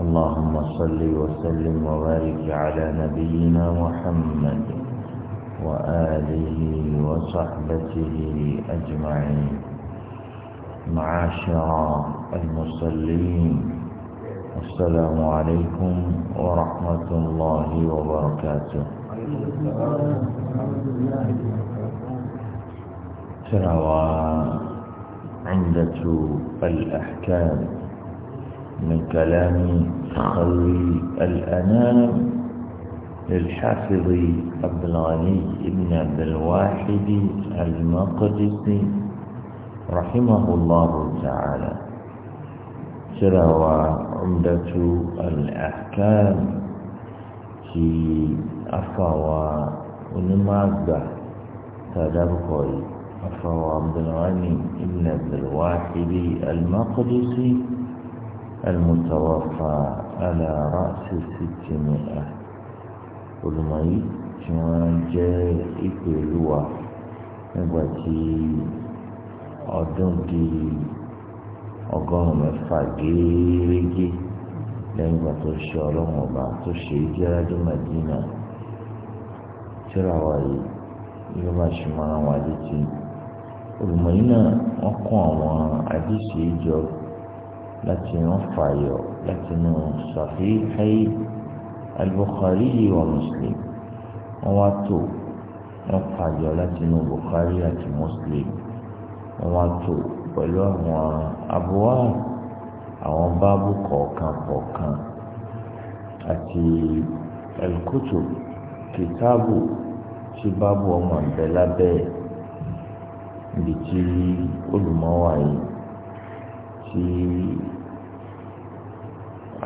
اللهم صل وسلم وبارك على نبينا محمد وآله وصحبته أجمعين معاشر المصلين السلام عليكم ورحمة الله وبركاته ترى عندة الأحكام من كلام خير الأنام للحافظ عبد الغني بن عبد الواحد المقدسي رحمه الله تعالى شروى عمدة الأحكام في أفوى ونمازة تدبقي أفوى عبد الغني بن عبد الواحد المقدسي المتوفى على رأس ستمائة olùmọ̀yí tí wọ́n jẹ́ ìpè olúwa nígbà tí ọdún di ọgọ́rùn-ún mẹ́fà gẹ́ẹ́rẹ́gẹ́ lẹ́yìn ìgbà tó ṣe ọlọ́run ọba tó ṣe é jẹ́ rájọ́ màdínà tíra wa yìí yóò bá ṣe máa wà létí olùmọ̀yí náà wọ́n kó àwọn àdìsí ìjọ láti ń fààyọ láti nù Sahih al-Bukhari wa Muslim wọn wá tó wọn fààyọ láti nù Bukhari àti Muslim wọn wá tó pẹ̀lú àwọn abúwá àwọn báàbù kọ̀ọ̀kan kọ̀ọ̀kan àti ẹ̀lkútù kìtáàbù tí báàbù ọmọ ìbẹ̀ lábẹ́ ibi tí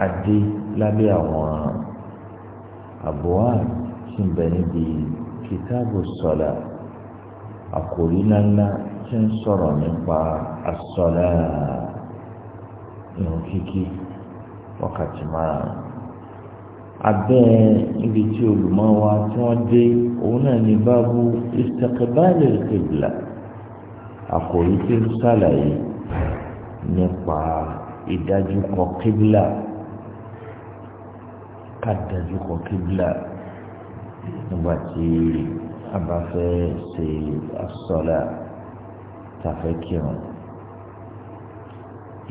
adé lábẹ́ àwọn àbúwá tí ń bẹ níbi kìtàbù sọ̀là àkòrí ńláńlá tí ń sọ̀rọ̀ nípa àsọ̀là irun kíkí wákàtí márùn-ún. abẹ́ ibi tí olùmọ̀ wa tí wọ́n dé òun náà ní báàbù istiqbal al-qibla tí ń sàlàyé nípa ìdájú kọ ká dájú kọ kíbla nígbà tí a bá fẹ́ ṣe àsọlá tàfẹ́ kírun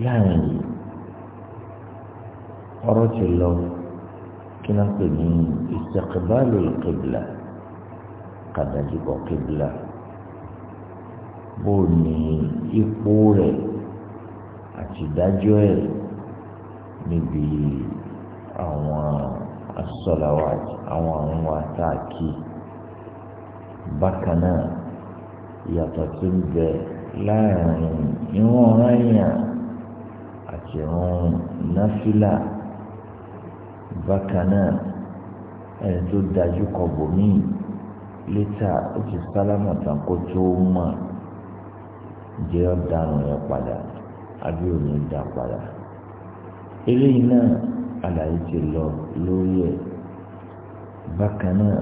láàrin yìí ọ̀rọ̀ ti lọ kí náà pè ní istiqbalul kíbla ká dájú kọ bó ní ipò rẹ̀ àti ìdájọ́ ẹ̀ níbi. àwọn asọ́làwàt àwọn àrùn wa a kì í bákan náà ìyàtọ̀ tó ń bẹ láàrin ìwọ̀n ọ̀ràn àti ìwọ̀n náfìlà bákan náà ẹni tó dájú kọ bòmíì létà ó ti sálámà tán kó tó yẹn padà àbí àlàyé ti lọ lórí ẹ̀ bákan náà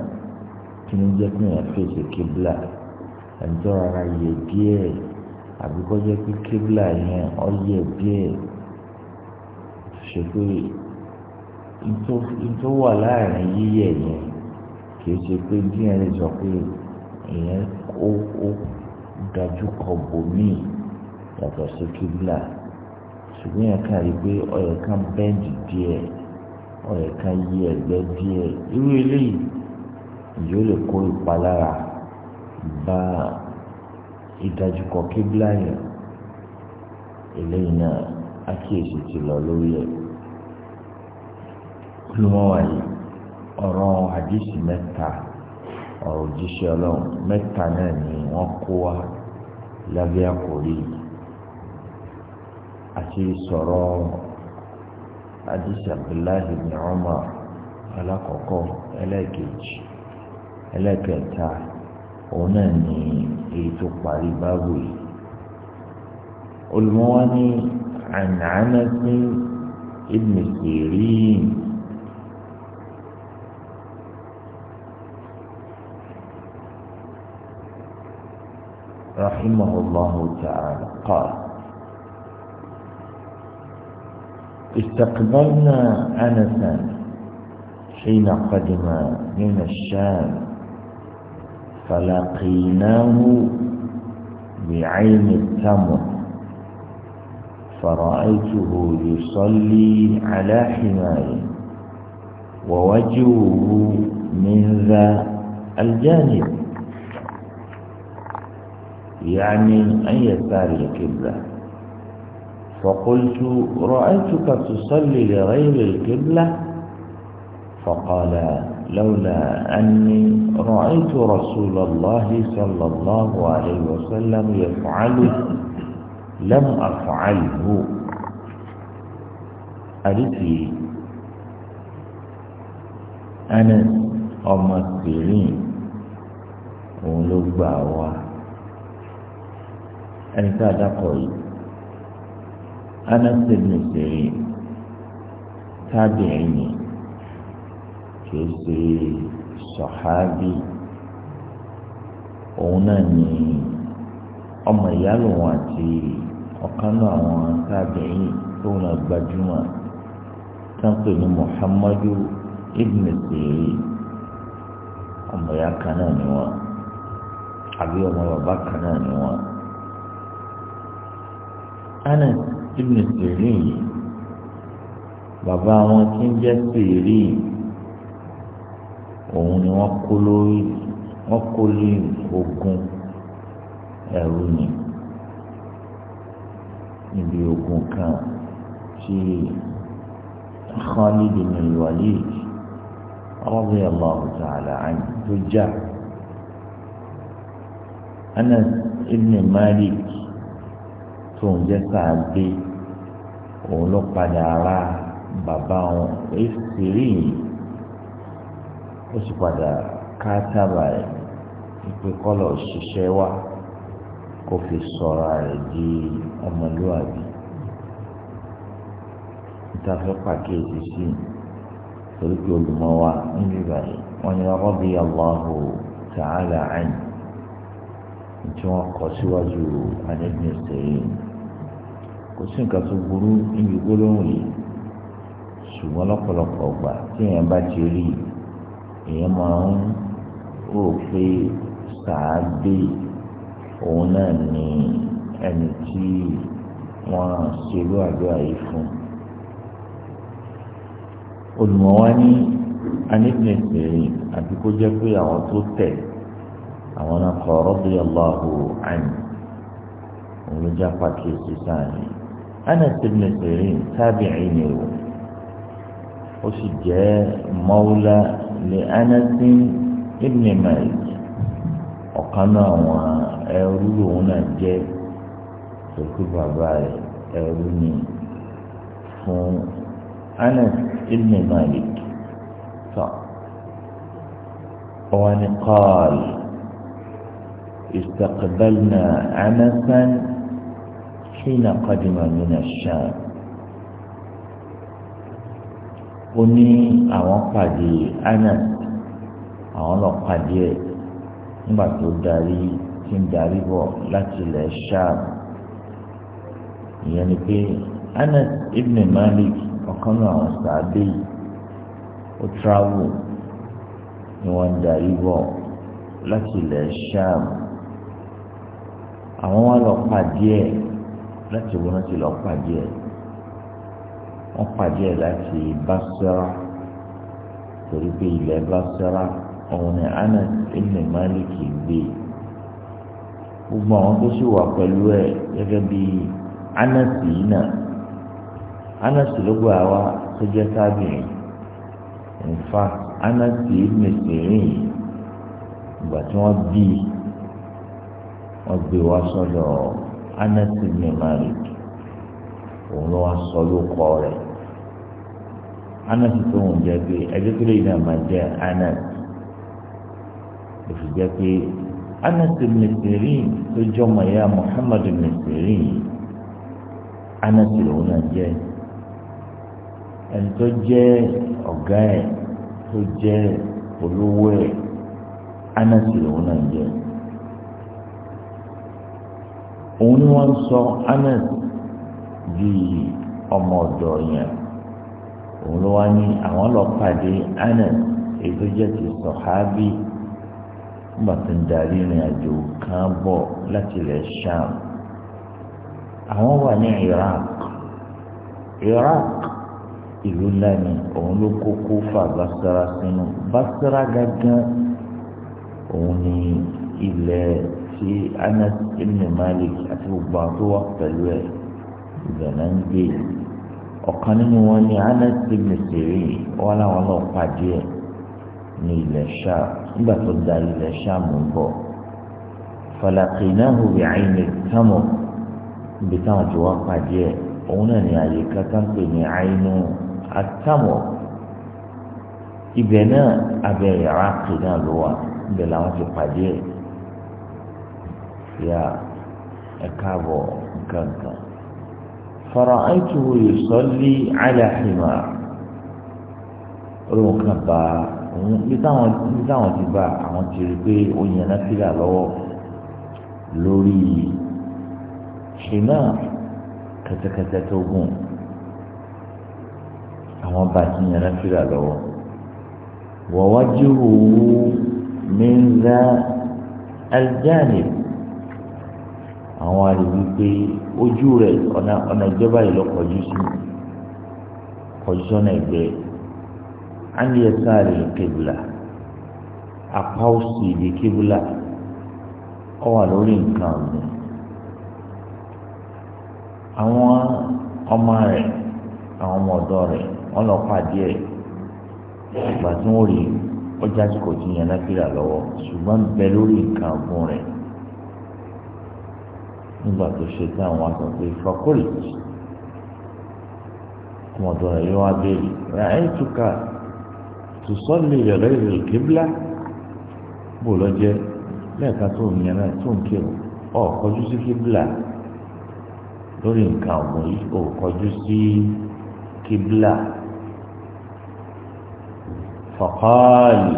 kí ni jẹ́ pé èèyàn fèsì kíbla ẹ̀ńtọ́ ara yẹ díẹ̀ àbí kọ́ jẹ́ pé kíbla yẹn ọ yẹ díẹ̀ ṣe pé ìtò wà láàrin yíyẹ yẹn kì í ṣe pé díẹ̀ lè sọ pé èèyàn ó ó dájú kọ bòmíì yàtọ̀ sí kíbla ṣùgbọ́n yẹn kàn rí pé ọ̀yẹ̀ kan bẹ́ǹdì díẹ̀ ọ̀rẹ́ ká yí ẹ̀gbẹ́ díẹ̀ irú eléyìí yóò lè kó ìpalára bá ìdajúkọ kíbla yẹn eléyìí náà àkíyèsí ti lọ lórí ẹ̀ olùmọ̀wá yìí ọ̀rọ̀ àdìsí mẹ́ta ọ̀rọ̀ òjíṣẹ́ ọlọ́run mẹ́ta náà ni wọ́n kó wa lábẹ́ àkórí àti sọ̀rọ̀ hadith abdullahi ibn umar alakọkọ ẹlẹ́ẹ̀kejì ẹlẹ́ẹ̀kẹta òun náà ní èyí tó parí báwò yìí olùmọ́wá ní ànàánásí sí sirin رحمه الله تعالى قال استقبلنا أنسا حين قدم من الشام فلقيناه بعين التمر فرأيته يصلي على حمار ووجهه من ذا الجانب يعني أي يسار كذا فقلت رأيتك تصلي لغير القبلة فقال لولا أني رأيت رسول الله صلى الله عليه وسلم يفعله لم أفعله ألفي أنا أم ولبعوة أنت دقيق Anas ibn na siri ni kìí ṣe sọ̀hábì siri náà ni ọmọ ìyá lòun àti ọ̀kan náà àwọn tábìrì tó ń gbajúmọ̀ táǹpẹ̀ ní Muhammadu ibn kan ibn sirin yìí bàbá wọn tí ń jẹ́ sirin òun ni wọ́n kó lórí wọ́n kó lórí ogun ẹ̀rú ni níbi ogun kan tí Khalid bin Walid radiyallahu ta'ala anhu tó jà Anas ibn Malik. tó ń jẹ́ sáàbí òun ló padà ra bàbá òun èsìrí yìí ó sì padà ká sábà rẹ̀ ìpè kọ́lọ̀ ṣiṣẹ́ wá kó fi sọ̀rọ̀ rẹ̀ di ọmọlúwàbí níta fẹ́ pàkíyèsí sí torí pé wa wọ́n ní tí wọ́n síwájú kò sí nǹkan tó burú níbi gbólóhùn yìí ṣùgbọ́n lọ́pọ̀lọpọ̀ ọgbà tí èèyàn bá ti rí èèyàn máa ń rò pé sàádé òun náà ni ẹni tí wọ́n ṣerú àdúrà yìí fún. olùmọ̀wá ní anígbèsèrè àti kó jẹ́ pé àwọn tó tẹ̀ àwọn náà kọ̀ ọ́ rọ́bì aláhùn òun ló já pàkíyèsí sáà yìí. Anas ibn Sirin tábìrì ni o ó sì jẹ́ mọ́wúlá ní Anas ibn Malik ọ̀kan náà àwọn ẹrú lòun náà jẹ́ tòkú bàbá rẹ̀ ẹrú ni fún Anas ibn Malik tó wọn ni kọ́ọ̀lù. استقبلنا أنسا حين قدم من الشام ó ní àwọn pàdé anas àwọn lọ pàdé ẹ nígbà tó darí tí ń darí bọ̀ láti ilẹ̀ sham ìyẹn ni pé anas ibn malik ọ̀kan náà àwọn sàádé yìí ó tíráwò ni wọ́n ń darí bọ̀ láti ilẹ̀ sham àwọn wá lọ pàdé ẹ láti wọ́n láti lọ pàdé ẹ̀ wọ́n pàdé ẹ̀ láti Basra torí pé ilẹ̀ Basra ọ̀hún ni Anas ibn Malik gbé gbogbo àwọn tó sì wà pẹ̀lú ẹ̀ gẹ́gẹ́ bí Anas yìí náà Anas ló gbà wá tó jẹ́ tábìlì in Anas ibn Sirin ìgbà tí wọ́n bí wọ́n gbé wá sọ́dọ̀ ọ́. Anas ibn Malik òun ló wá sọ ló kọ rẹ̀ tó ń jẹ́ pé ẹgbẹ́ yìí náà máa jẹ́ Anas ya Muhammad ibn Sirin lòun náà jẹ́ ẹni tó jẹ ọ̀gá ẹ̀ tó jẹ olówó ẹ̀ Anas lòun náà jẹ òun ni wọ́n sọ Anas di ọmọ ọ̀dọ̀ yẹn òun ló wá ní àwọn lọ pàdé Anas èyí tó ti sọ̀hábì nígbà tó ń darí ìrìn àjò kan bọ̀ láti ilẹ̀ Sham àwọn wà ní Iraq Iraq ìlú òun ló Basra sínú Basra gángan òun ni ilẹ̀. tí Anas ibn Malik àti gbogbo àwọn tó wà pẹ̀lú ẹ̀ ìgbàna ń gbé ọ̀kan nínú wọn ni Anas ibn Sirin wọn làwọn náà pàdé ẹ̀ ní ilẹ̀ Ṣáà nígbà tó da ilẹ̀ Ṣáà mú bọ̀ falaqinahu bi ayni tamr ibi táwọn ti wá pàdé ẹ̀ òun náà ni àyè kankan pè ní àyínú àtàmọ̀ ibẹ̀ náà abẹ́ ìrákì náà ló wà ibẹ̀ làwọn ti pàdé ẹ̀ ya ẹ káàbọ̀ nǹkan kan fara'aytuhu yusalli ala himar olóhùn kan bá òun bí táwọn ti bá àwọn ti rí pé ó yẹn náà fílà lọ́wọ́ lórí himar kẹtẹkẹtẹ tó gùn àwọn bá ti yẹn náà fílà lọ́wọ́ wọ́wájú min za aljanib àwọn àríwí pé ojú rẹ̀ ọ̀nà ọ̀nà ìjọba yìí lọ kọjú sí kọjú sọ́nà ẹ̀gbẹ́ ánìyẹ sáré kébùlà apá òsì ìdí kébùlà ọ wà lórí nǹkan ọ̀gbìn àwọn ọmọ rẹ̀ àwọn ọmọ ọ̀dọ́ rẹ̀ wọ́n lọ pàdé ẹ̀ ìgbà tí wọ́n rí ọjà tí kò ti yàn lápẹ́rẹ́ lọ́wọ́ ṣùgbọ́n bẹ lórí nǹkan ọ̀gbìn rẹ̀ nígbà tó ṣe tí àwọn aṣọ pé fakoli ọmọdé rẹ yóò wá béèrè rẹ ẹ túká tùsọ́lì rẹ rẹ kébìlà bò lọ́jẹ́ lẹ́ẹ̀ka tó ń yẹn náà tó ń kírun ọ kọjú sí kébìlà lórí nǹkan ọ̀gbìn yìí ò kọjú sí kébìlà faqali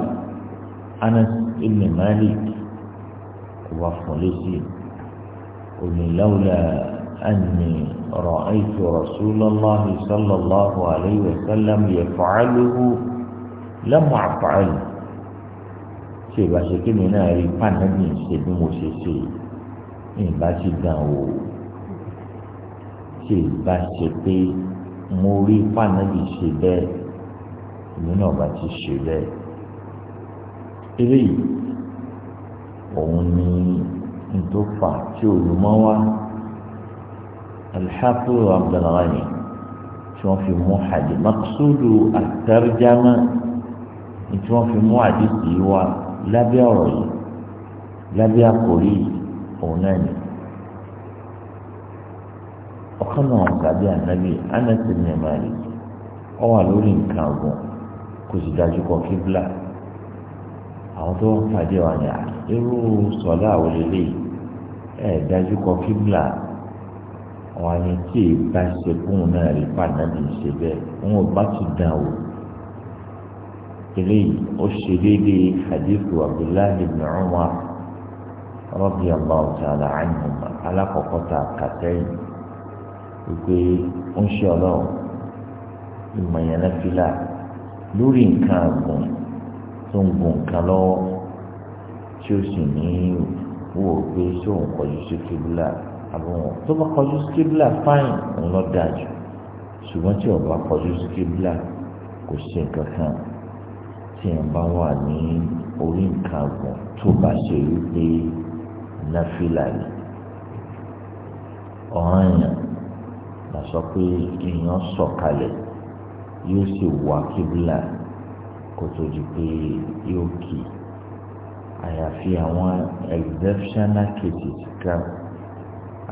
Anas ibn Malik wà fún lẹ́sìn. لولا أني رأيت رسول الله صلى الله عليه وسلم يفعله لم أفعل ṣe ìbáṣekí mi náà rí pàǹdàbí ṣe bí mo ṣe ṣe ìbáṣe gan o ṣe ìbáṣe pé mo rí pàǹdàbí ṣe bẹ́ẹ̀ èmi náà bá ti ṣe bẹ́ẹ̀ eléyìí òun ni nítorí fà tí olùmọ́ wa alḥafiz abdulghani tí wọ́n fi mú hadi maqsudu atarjama tí wọ́n fi mú àdìsí wa lábẹ́ ọ̀rọ̀ yìí lábẹ́ àkórí òun náà ni ọ̀kan náà tàbí ànábì Anas bin Malik ó wà lórí nǹkan ọ̀gbọ̀n kò sì dájú kọ kíbla àwọn tó ń pàdé wà ní irú sọlá àwọn lélẹ̀ ẹ̀ dájú kọ kíbla àwọn ẹni tí ìbá ṣe fún un náà rí fànàbí ṣe bẹ́ẹ̀ wọn ò bá ti dàn o eléyìí ó ṣe déédéé hadithu abdullahi ibn umar radiyallahu ta'ala anhuma alákọ̀ọ́kọ́ ta kàtẹ́yìn wípé ó ń ṣe ọlọ́run ìmọ̀yánná fìlà lórí nǹkan àgùn tó ń gun nǹkan lọ́wọ́ tí ó sì ní wò pé ṣé òun kọjú sí kíbílà àbọ̀wọ̀n tó bá kọjú sí kíbílà fáìn òun lọ dáa ṣùgbọ́n tí ọba kọjú sí kíbílà kò ṣe nǹkan kan tí ẹ̀ bá wà ní orí nǹkan àgùn tó bá ṣe wípé náfìlà ni ọ̀ràn yẹn la sọ pé èèyàn sọ̀kalẹ̀ yóò sì wá kíbílà kó tó di pé yóò kì í àyàfi àwọn exceptional cases kan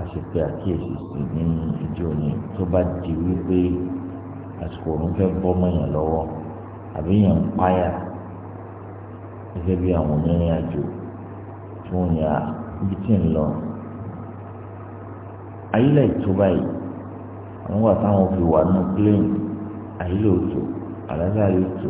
àṣepẹ àkíyèsí sí ní ìjọ ni tó bá di wípé àsìkò òun fẹ́ bọ́ mọ́yàn lọ́wọ́ àbí yàn ń páyà gẹ́gẹ́ bí àwọn onírìn àjò tí wọ́n yà ibi tí ń lọ. ayílẹ̀ tó báyìí àwọn wà táwọn fi wà nù plane ayílẹ̀ òtò àlàáfíà yóò tó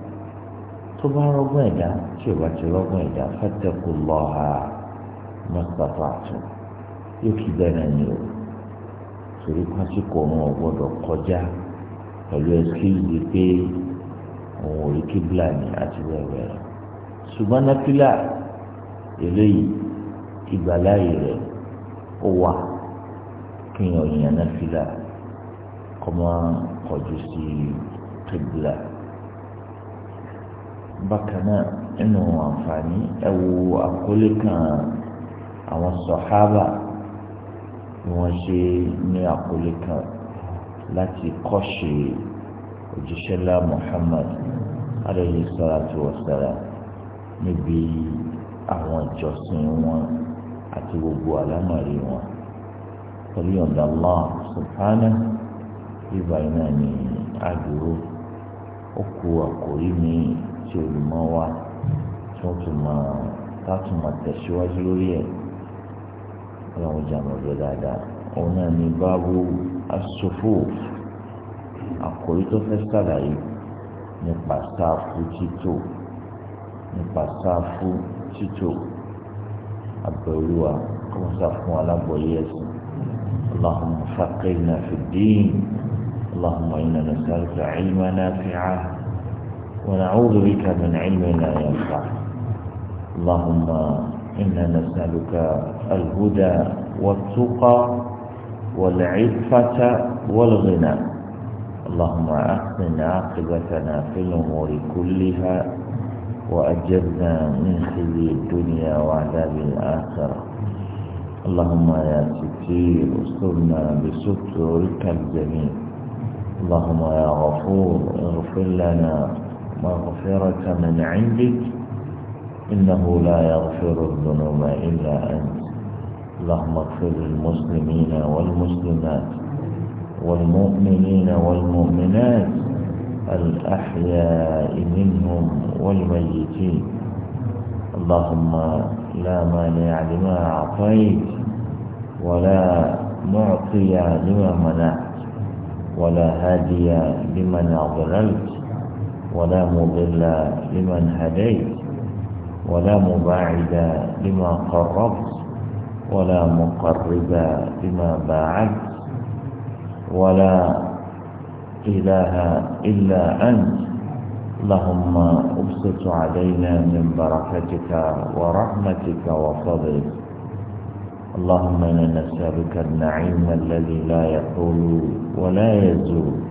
tó bá rọgbọ́n ẹ̀dá tí ò bá ti rọgbọ́n ẹ̀dá fẹ́tẹ̀kù lọ́ha mọ́tàtà àtún yóò fi bẹ́ẹ̀ ni o torí pásíkò wọn ò gbọ́dọ̀ kọjá pẹ̀lú ẹ̀sìkìlì pé òun ò rí kíbla ni àti wẹ́wẹ́ rẹ̀ ṣùgbọ́n nápílà eléyìí ìgbàláyè rẹ̀ ó wà kíyàn yàn nápílà kọ́mọ́ kọjú sí kíbla bákan náà nínú àǹfààní ẹ wo àkọlé kan àwọn sọ̀hábà bí wọ́n ṣe ní àkọlé kan láti kọ́ṣe òjíṣẹ́ lá Muhammad alayhi salatu wa salam níbi àwọn ìjọsìn wọn àti gbogbo àlámọ̀rí wọn pẹ̀lú ọ̀dà Allah subhanahu bíbá iná ní àdúró ó ku àkórí mìíràn tí olùmọ̀ wa tí wọ́n tún máa ká tún máa tẹ̀síwájú lórí ẹ̀ ọlọ́run jà mọ̀ lọ dáadáa òun náà ní báwo asòfò àkòrí tó fẹ́ sàlàyé nípa sáfù títò nípa sáfù títò àbẹ̀wòlúwa kọ́mọ sáfù alábọ̀yé ẹ̀sìn اللهم فقهنا في الدين اللهم إنا نسألك علما نافعا ونعوذ بك من علم لا ينفع اللهم إنا نسألك الهدى والتقى والعفة والغنى اللهم أحسن عاقبتنا في الأمور كلها وأجرنا من خزي الدنيا وعذاب الآخرة اللهم يا ستير استرنا بسترك الجميل اللهم يا غفور اغفر لنا مغفرة من عندك إنه لا يغفر الذنوب إلا أنت اللهم اغفر للمسلمين والمسلمات والمؤمنين والمؤمنات الأحياء منهم والميتين اللهم لا مانع لما أعطيت ولا معطي لما منعت ولا هادي لمن أضللت ولا مضل لمن هديت ولا مباعد لما قربت ولا مقرب لما باعدت ولا إله إلا أنت اللهم أبسط علينا من بركتك ورحمتك وفضلك اللهم إنا نسألك النعيم الذي لا يقول ولا يزول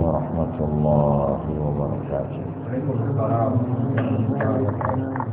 ورحمة الله وبركاته